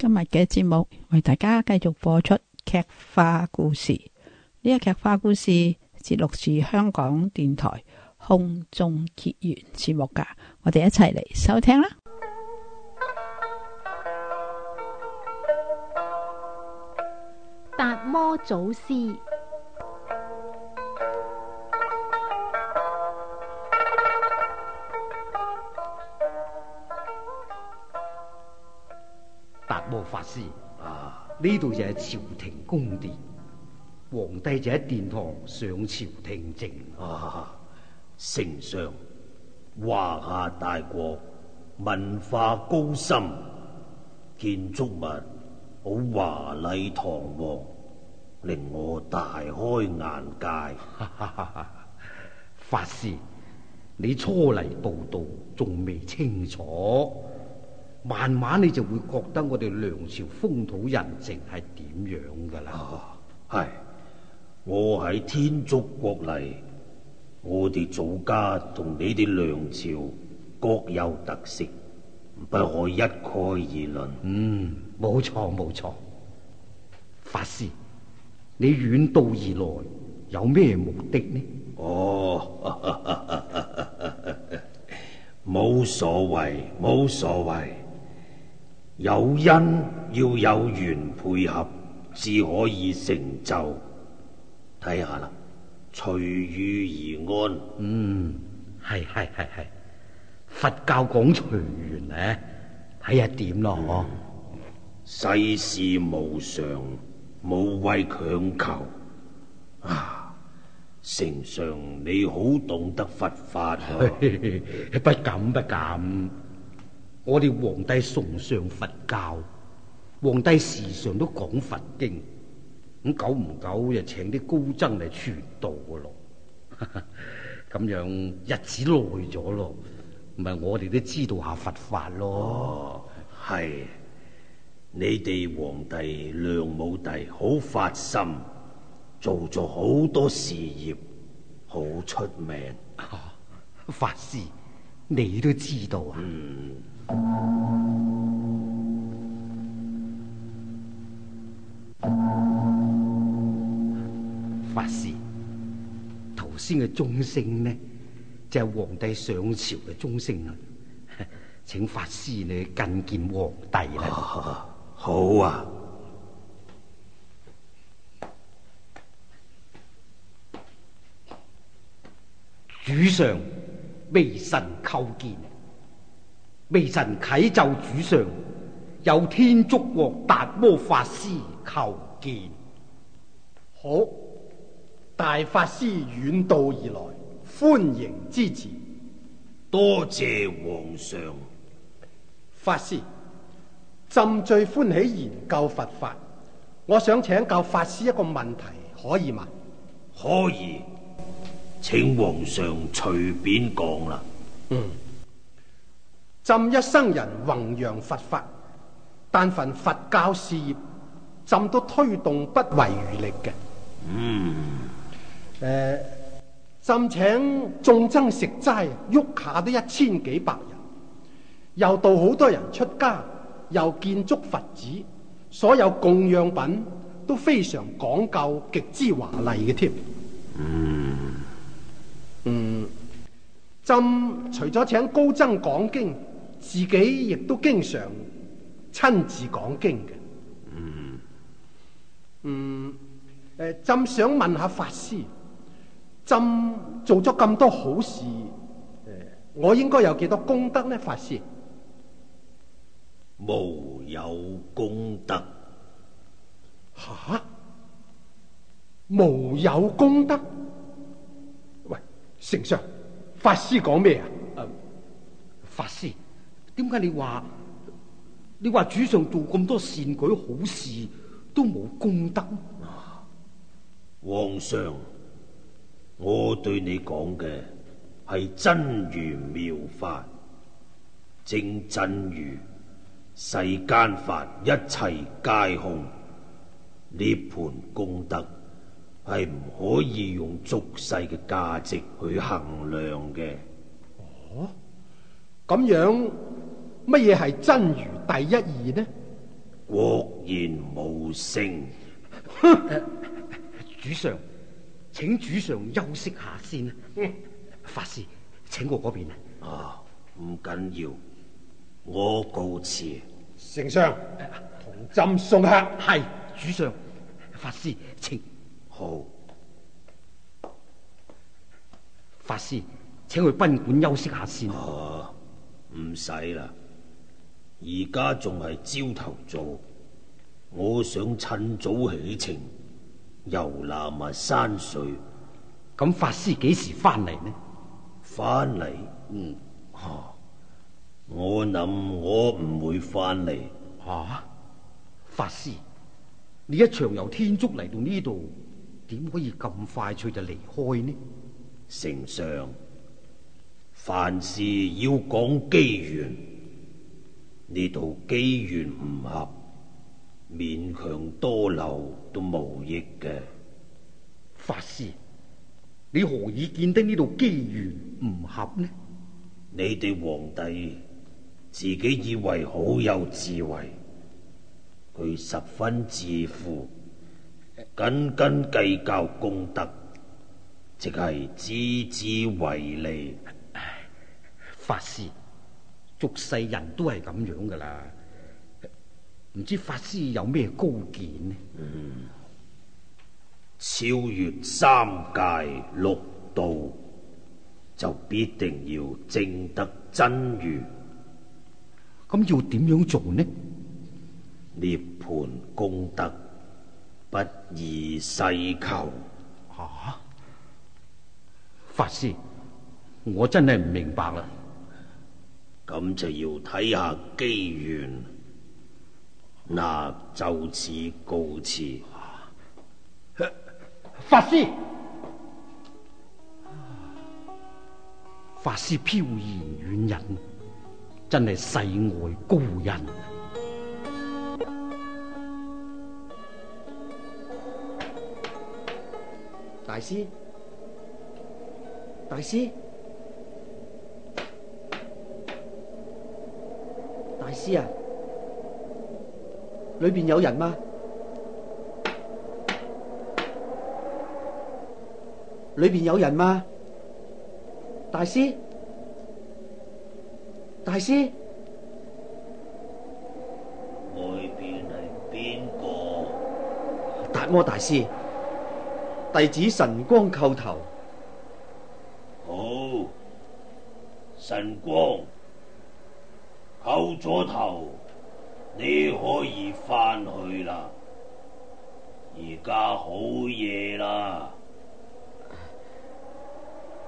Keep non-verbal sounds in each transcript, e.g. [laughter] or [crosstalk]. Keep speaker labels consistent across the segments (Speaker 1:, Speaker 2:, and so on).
Speaker 1: 今日嘅節目為大家繼續播出劇化故事，呢個劇化故事節錄自香港電台空中結緣節目噶，我哋一齊嚟收聽啦。
Speaker 2: 達摩祖師。
Speaker 3: 法師，呢度、啊、就係朝廷宮殿，皇帝就喺殿堂上朝聽政。丞相、啊，華夏大國，文化高深，建築物好華麗堂皇，令我大開眼界。啊、法師，你初嚟報道，仲未清楚。慢慢你就會覺得我哋梁朝風土人情係點樣噶啦。係我喺天竺國嚟，我哋祖家同你哋梁朝各有特色，不可一概而論。嗯，冇錯冇錯。法師，你遠道而來，有咩目的呢？哦，冇所謂，冇所謂。有因要有緣配合，至可以成就。睇下啦，隨遇而安。嗯，係係係係，佛教講隨緣呢，睇下點咯，嗬、嗯。世事無常，無謂強求。啊，城上你好懂得佛法啊！不敢 [laughs] 不敢。不敢我哋皇帝崇尚佛教，皇帝時常都講佛經，咁久唔久就請啲高僧嚟傳道噶咯。咁 [laughs] 樣日子耐咗咯，唔係我哋都知道下佛法咯。係、哦、你哋皇帝梁武帝好發心，做咗好多事業，好出名、哦。法師，你都知道啊？嗯。法師，頭先嘅鐘聲呢，就係皇帝上朝嘅鐘聲啊！請法師你去覲見皇帝啦。好啊，主上，微臣叩見。微臣啟奏主上，有天竺國達摩法師求見。好，大法師遠道而來，歡迎之至。多謝皇上。法師，朕最歡喜研究佛法，我想請教法師一個問題，可以嗎？可以，請皇上隨便講啦。嗯。朕一生人弘揚佛法，但凡佛教事業，朕都推動不遺餘力嘅。嗯，誒，朕請眾僧食齋，喐下都一千幾百人，又度好多人出家，又建築佛寺，所有供養品都非常講究，極之華麗嘅添。嗯，嗯，朕除咗請高僧講經。自己亦都經常親自講經嘅。嗯，嗯，誒，朕想問下法師，朕做咗咁多好事，誒，嗯，我應該有幾多功德呢？法師，無有功德。吓，無有功德？喂，丞相，法師講咩啊？嗯，法師。點解你話你話主上做咁多善舉好事都冇功德？皇上，我對你講嘅係真如妙法，正真如世間法一切皆空，呢盤功德係唔可以用俗世嘅價值去衡量嘅。哦，咁樣。乜嘢係真如第一義呢？廓然無聖。 [laughs] 主上，請主上休息下先啦。嗯、法師，請過嗰邊啊。唔緊要，我告辭。丞相，同朕 [laughs] 送客。係，主上。法師，請好。法師，請去賓館休息下先。哦、啊，唔使啦。而家仲係朝頭早，我想趁早起程遊覽下山水。咁法師幾時翻嚟呢？翻嚟，嗯，哦，我諗我唔會翻嚟。吓、啊，法師，你一場由天竺嚟到呢度，點可以咁快脆就離開呢？丞相，凡事要講機緣。呢度機緣唔合，勉強多留都無益嘅。法師，你何以見得呢度機緣唔合呢？你哋皇帝自己以為好有智慧，佢十分自負，斤斤計較功德，即係孜孜為利。法師。俗世人都係咁樣噶啦，唔知法師有咩高見呢？嗯，超越三界六道，就必定要證得真如。咁要點樣做呢？涅槃功德，不宜世求。啊！法師，我真係唔明白啦。咁就要睇下機緣，那就此告辭。 [laughs] 法師， [laughs] 法師飄然遠人，真係世外高人。大師，大師。大師啊，裏邊有人嗎？裏邊有人嗎？大師，大師，外邊係邊個？達摩大師，弟子神光叩頭。好，神光。走咗頭，你可以翻去啦。而家好夜啦。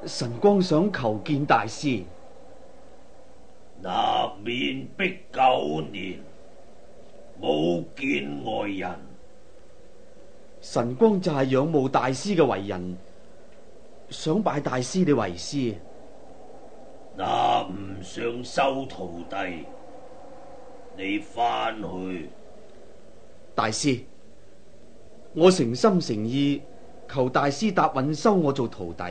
Speaker 3: 神光想求見大師。那面壁九年，冇見外人。神光就係仰慕大師嘅為人，想拜大師你為師。想收徒弟，你翻去。大師，我誠心誠意求大師答允收我做徒弟。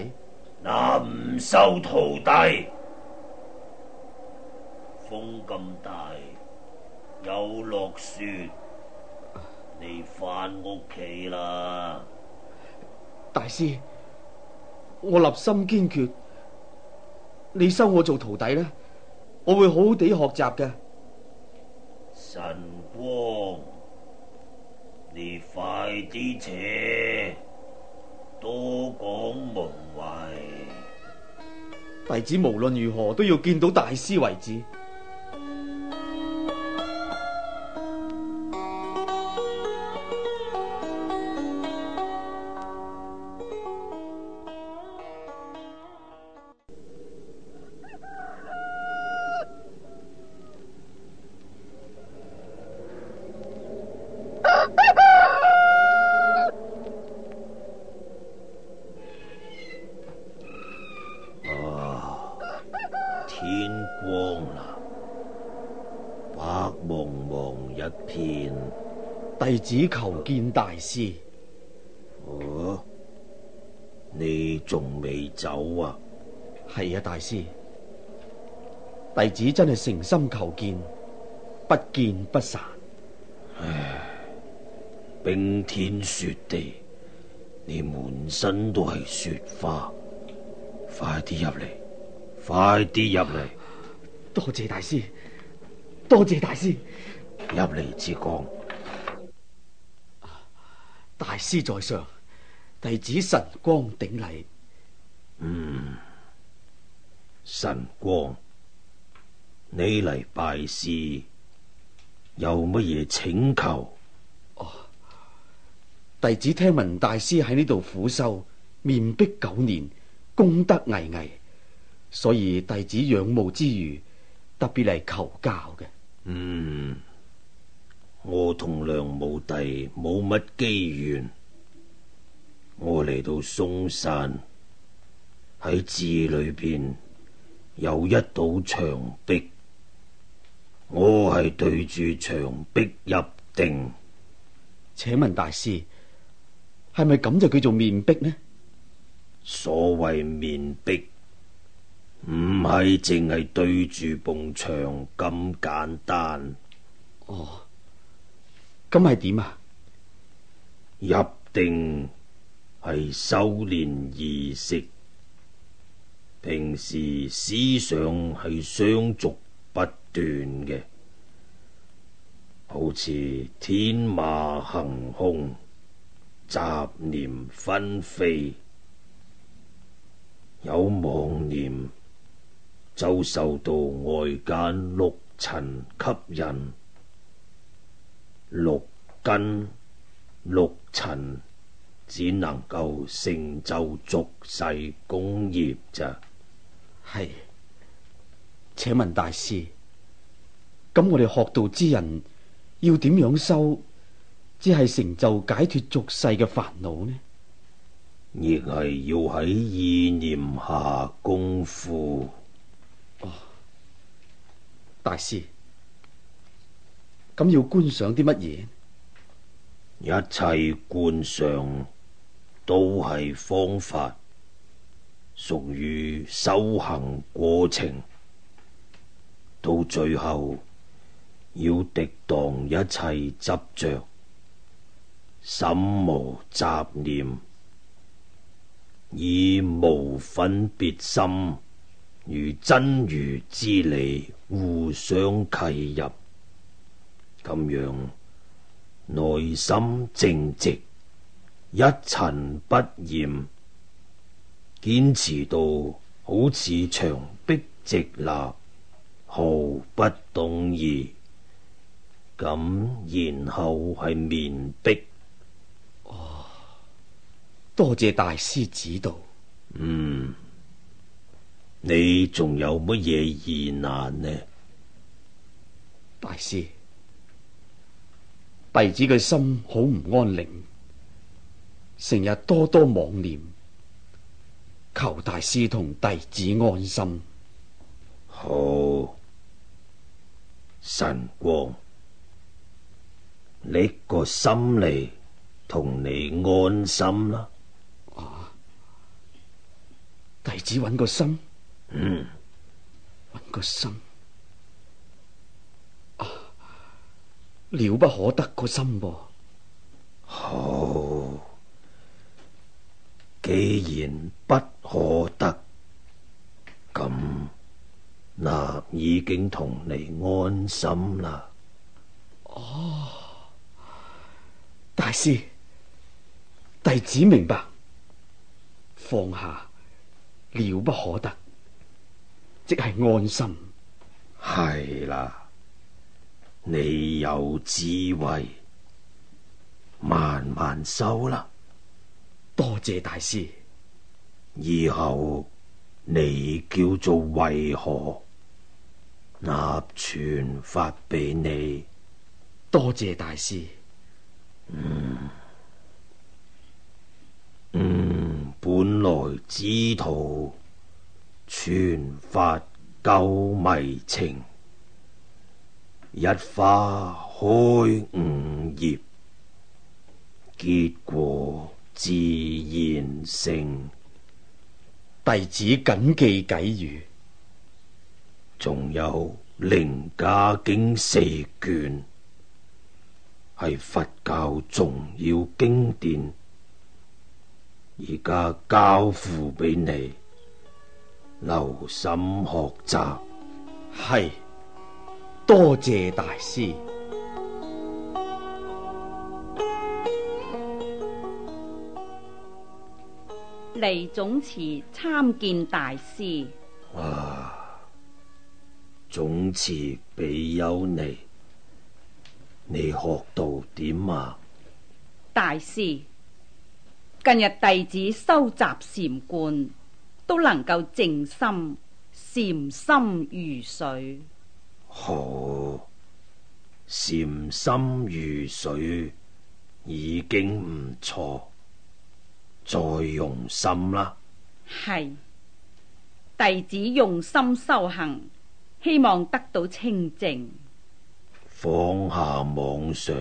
Speaker 3: 嗱、啊，唔收徒弟。風咁大，又落雪，你翻屋企啦。大師，我立心堅決，你收我做徒弟呢？我會好好地學習嘅。神光，你快啲扯，多講無謂。弟子無論如何都要見到大師為止。只求見大師。哦、啊，你仲未走啊？係啊，大師。弟子真係誠心求見，不見不散。唉，冰天雪地，你滿身都係雪花，快啲入嚟，快啲入嚟。多謝大師，多謝大師。入嚟之光。大師在上，弟子神光頂禮。嗯，神光，你嚟拜師，有乜嘢請求？哦，弟子聽聞大師喺呢度苦修，面壁九年，功德巍巍，所以弟子仰慕之餘，特別嚟求教嘅。嗯。我同梁武帝冇乜機緣，我嚟到嵩山喺寺裏邊有一堵牆壁，我係對住牆壁入定。請問大師係咪咁就叫做面壁呢？所謂面壁唔係淨係對住埲牆咁簡單哦。Oh. 咁係點啊？入定係修練儀式，平時思想係相續不斷嘅，好似天馬行空，雜念紛飛，有妄念就受到外間六塵吸引。六根六塵只能夠成就俗世功業咋？係，請問大師，咁我哋學道之人要點樣修，只係成就解脱俗世嘅煩惱呢？亦係要喺意念下功夫。哦，大師。咁要觀賞啲乜嘢？一切觀賞都係方法，屬於修行過程。到最後要滌蕩一切執着，心無雜念，以無分別心，如真如之理，互相契入。咁樣內心正直，一塵不染，堅持到好似牆壁直立，毫不動搖。咁然後係面壁。哦，多謝大師指導。嗯，你仲有乜嘢疑難呢？大師。弟子嘅心好唔安寧，成日多多妄念，求大師同弟子安心。好，神光，你個心嚟同你安心啦。啊！弟子搵個心，嗯，搵個心。了不可得個心噃，好，既然不可得，咁那已經同你安心啦。哦，大師，弟子明白，放下了不可得，即係安心，係啦。你有智慧，慢慢收啦。多謝大師，以後你叫做為何，立傳法俾你。多謝大師。嗯嗯，本來之徒傳法救迷情。一花開五葉，結果自然成。弟子謹記偈語。仲有《楞伽經》四卷，係佛教重要經典。而家交付俾你，留心學習。係。多謝大師。
Speaker 2: 嚟總寺參見大師。
Speaker 3: 哇、啊！總寺比丘尼，你學到點啊？
Speaker 2: 大師，近日弟子收集禪觀，都能夠靜心，禪心如水。
Speaker 3: 好，禪、哦、心如水，已經唔錯，再用心啦。
Speaker 2: 係弟子用心修行，希望得到清淨。
Speaker 3: 放下妄想，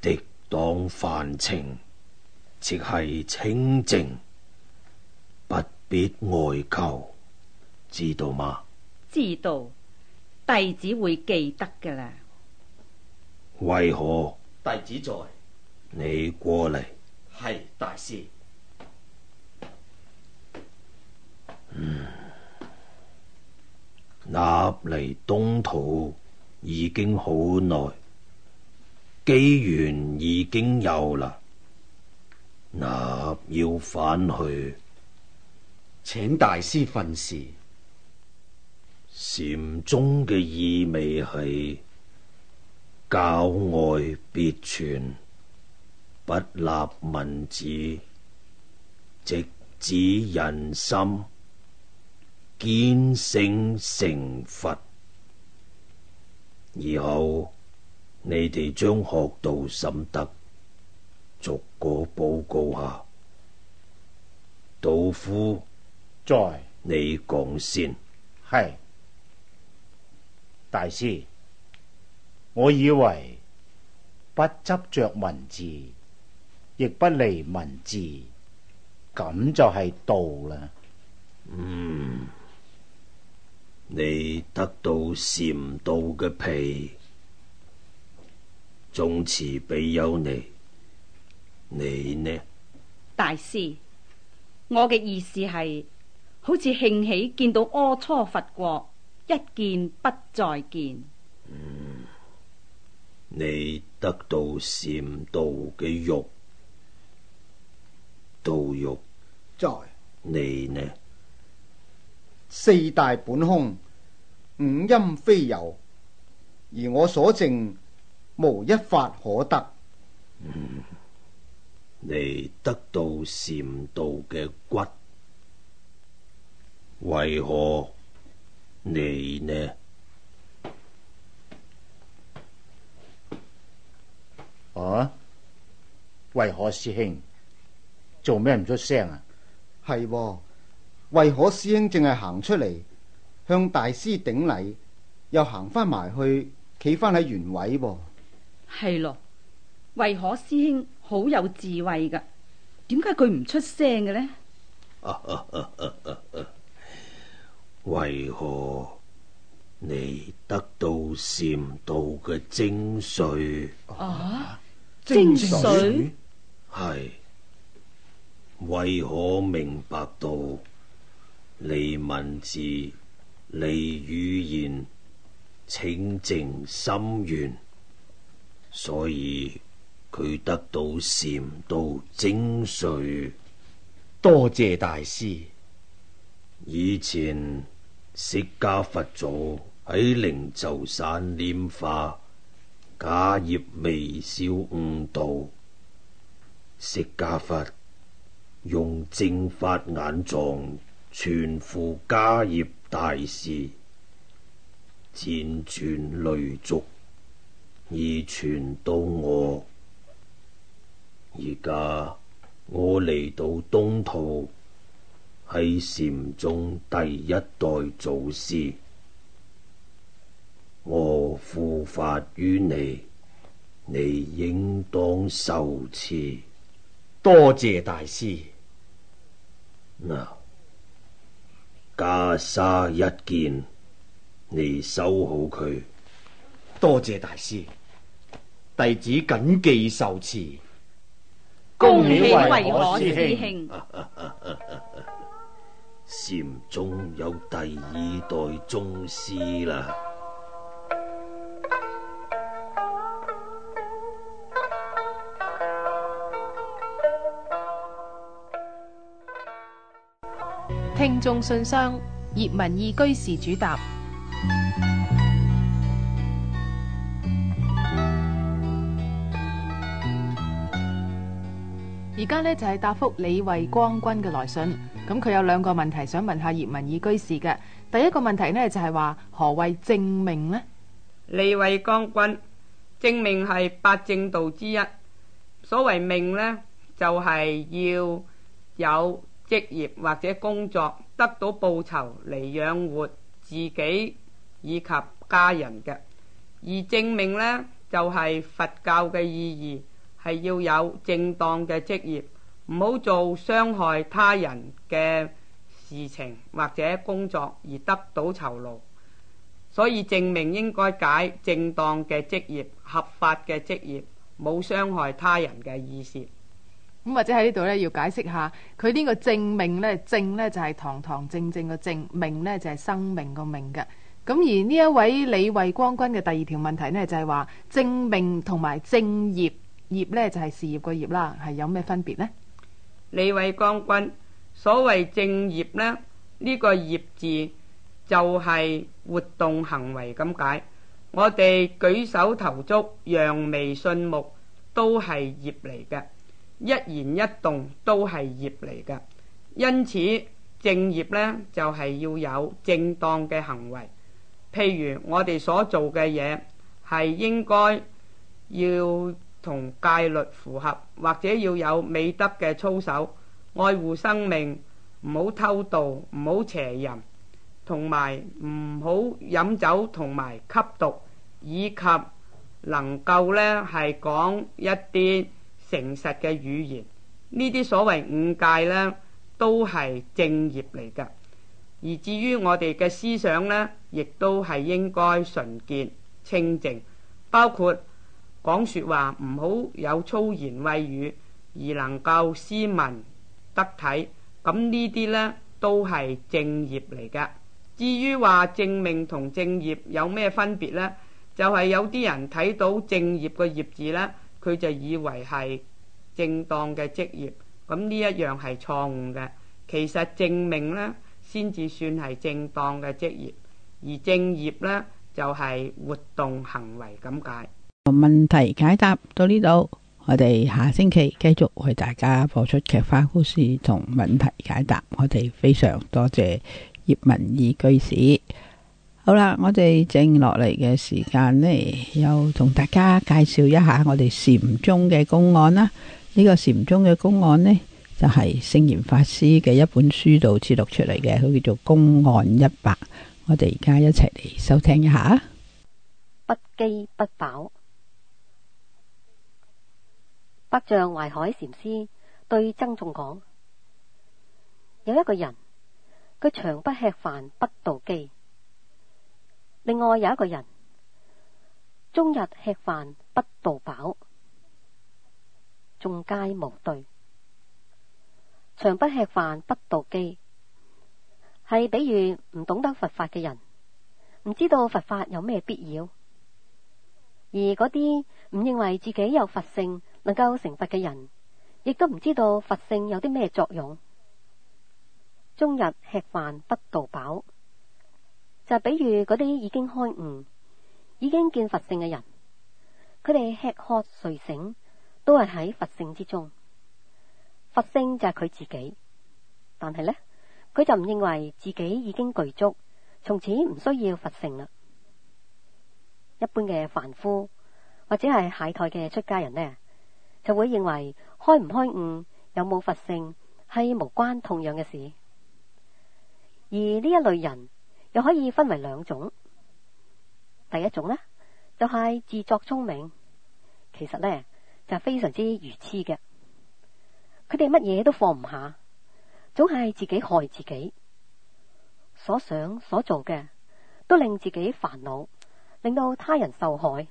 Speaker 3: 滌蕩凡情，即係清淨，不必外求，知道嗎？
Speaker 2: 知道。弟子會記得噶
Speaker 3: 啦。為何？弟子在，你過嚟。係大師。嗯，納離東土已經好耐，機緣已經有啦。納要返去，請大師訓示。禪宗嘅意味係教外別傳，不立文字，直指人心，見性成佛。以後你哋將學到心得，逐個報告下。道夫，在。你講先。係。大師，我以為不執着文字，亦不離文字，咁就係道啦。嗯，你得到禪道嘅皮，總持比丘尼。你呢？
Speaker 2: 大師，我嘅意思係，好似興起見到阿初佛國。一見不再見。嗯，
Speaker 3: 你得到禪道嘅肉，道肉在你呢？四大本空，五陰非有，而我所證，無一法可得。嗯，你得到禪道嘅骨，為何？你呢？啊？慧可師兄做咩唔出聲啊？係、啊，慧可師兄淨係行出嚟向大師頂禮，又行翻埋去，企翻喺原位、啊？
Speaker 2: 係咯、啊，慧可師兄好有智慧噶？點解佢唔出聲嘅呢？啊啊啊啊
Speaker 3: 啊為何你得到禪道嘅精髓？啊，精髓係髓為何明白到你文字、你語言清淨心願，所以佢得到禪道精髓。多謝大師。以前。釋迦佛祖喺靈鷲山拈花，迦葉微笑悟道。釋迦佛用正法眼藏傳付迦葉大事，輾轉雷足而傳到我。而家我嚟到東土。喺禪宗第一代祖師，我付法於你，你應當受持。多謝大師。嗱、啊，袈裟一件，你收好佢。多謝大師，弟子謹記受持。
Speaker 4: 恭
Speaker 3: 喜為我師兄。啊啊啊禪中有第二代宗師啦。
Speaker 1: 聽眾信箱，葉文義居士主答。而家呢，就係答覆李慧光君嘅來信。咁佢有兩個問題想問下葉文義居士嘅，第一個問題呢就係話何謂正命呢？
Speaker 5: 利為將軍，正命係八正道之一。所謂命呢，就係要有職業或者工作，得到報酬嚟養活自己以及家人嘅。而正命呢，就係佛教嘅意義，係要有正當嘅職業。唔好做傷害他人嘅事情或者工作而得到酬勞，所以正命應該解，解正當嘅職業、合法嘅職業，冇傷害他人嘅意思。
Speaker 1: 咁或者喺呢度咧，要解釋下佢呢個正命呢，正咧就係堂堂正正嘅正，命呢，就係、是、生命個命噶。咁而呢一位李衛光君嘅第二條問題呢，就係話正命同埋正業業，業，業呢，就係事業個業啦，係有咩分別呢？
Speaker 5: 李偉將軍，所謂正業呢，呢、這個業字就係活動行為咁解。我哋舉手投足、揚眉瞬目都係業嚟嘅，一言一動都係業嚟嘅。因此，正業呢，就係、是、要有正當嘅行為，譬如我哋所做嘅嘢係應該要。同戒律符合，或者要有美德嘅操守，愛護生命，唔好偷盜，唔好邪淫，同埋唔好飲酒同埋吸毒，以及能夠呢係講一啲誠實嘅語言。謂呢啲所謂五戒呢都係正業嚟噶。而至於我哋嘅思想呢，亦都係應該純潔清淨，包括。講說話唔好有粗言穢語，而能夠斯文得體，咁呢啲呢，都係正業嚟㗎。至於話正命同正業有咩分別呢？就係、是、有啲人睇到正業個業字呢，佢就以為係正當嘅職業，咁呢一樣係錯誤嘅。其實正命呢，先至算係正當嘅職業，而正業呢，就係活動行為咁解。
Speaker 1: 問題解答到呢度，我哋下星期繼續為大家播出劇化故事同問題解答。我哋非常多謝葉文義居士。好啦，我哋剩落嚟嘅時間呢，又同大家介紹一下我哋禪宗嘅公案啦。呢個禪宗嘅公案呢，就係聖嚴法師嘅一本書度記錄出嚟嘅，佢叫做《公案一百》。我哋而家一齊嚟收聽一下。
Speaker 4: 不饑不飽。百丈懷海禪師對僧眾講：有一個人佢長不吃飯不道飢；另外有一個人終日吃飯不道飽，眾皆無對。長不吃飯不道飢，係比喻唔懂得佛法嘅人，唔知道佛法有咩必要，而嗰啲唔認為自己有佛性。能夠成佛嘅人，亦都唔知道佛性有啲咩作用。終日吃飯不到飽，就係、是、比如嗰啲已經開悟、已經見佛性嘅人，佢哋吃喝睡醒都係喺佛性之中，佛性就係佢自己。但係呢，佢就唔認為自己已經具足，從此唔需要佛性啦。一般嘅凡夫或者係懈怠嘅出家人呢。就會認為開唔開悟、有冇佛性係無關痛癢嘅事，而呢一類人又可以分為兩種。第一種呢，就係、是、自作聰明，其實呢，就是、非常之愚癡嘅。佢哋乜嘢都放唔下，總係自己害自己，所想所做嘅都令自己煩惱，令到他人受害。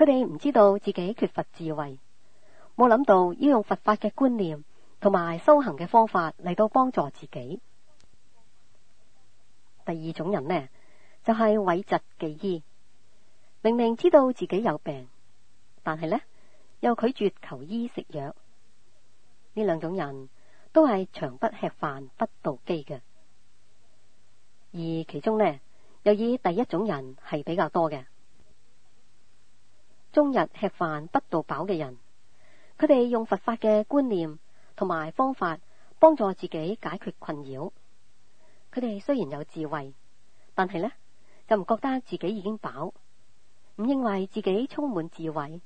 Speaker 4: 佢哋唔知道自己缺乏智慧，冇諗到要用佛法嘅觀念同埋修行嘅方法嚟到幫助自己。第二種人呢，就係、是、諱疾忌醫，明明知道自己有病，但係呢，又拒絕求醫食藥。呢兩種人都係長不吃飯不倒飢嘅，而其中呢又以第一種人係比較多嘅。中日吃飯不到飽嘅人，佢哋用佛法嘅觀念同埋方法幫助自己解決困擾。佢哋雖然有智慧，但係呢就唔覺得自己已經飽，唔認為自己充滿智慧。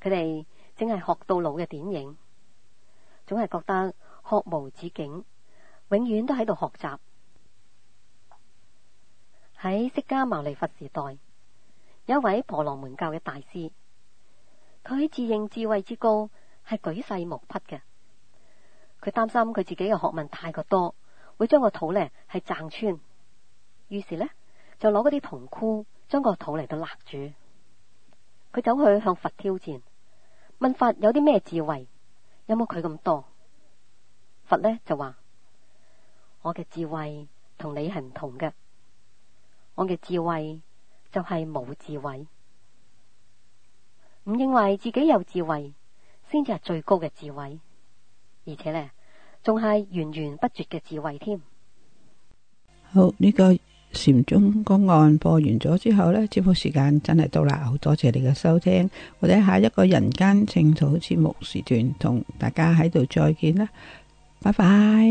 Speaker 4: 佢哋淨係學到老嘅典型，總係覺得學無止境，永遠都喺度學習。喺釋迦牟尼佛時代，有一位婆羅門教嘅大師，佢自認智慧之高係舉世無匹嘅。佢擔心佢自己嘅學問太過多，會將個肚咧，係撐穿。於是呢，就攞嗰啲銅箍將個肚嚟，到勒住。佢走去向佛挑戰，問佛有啲咩智慧有冇佢咁多。佛呢就話：我嘅智慧同你係唔同嘅，我嘅智慧。就係冇智慧，唔認為自己有智慧，先至係最高嘅智慧，而且呢，仲係源源不絕嘅智慧添。
Speaker 1: 好，呢個禪宗公案播完咗之後呢，節目時間真係到啦，好多謝你嘅收聽，我哋下一個人間淨土節目時段同大家喺度再見啦，拜拜。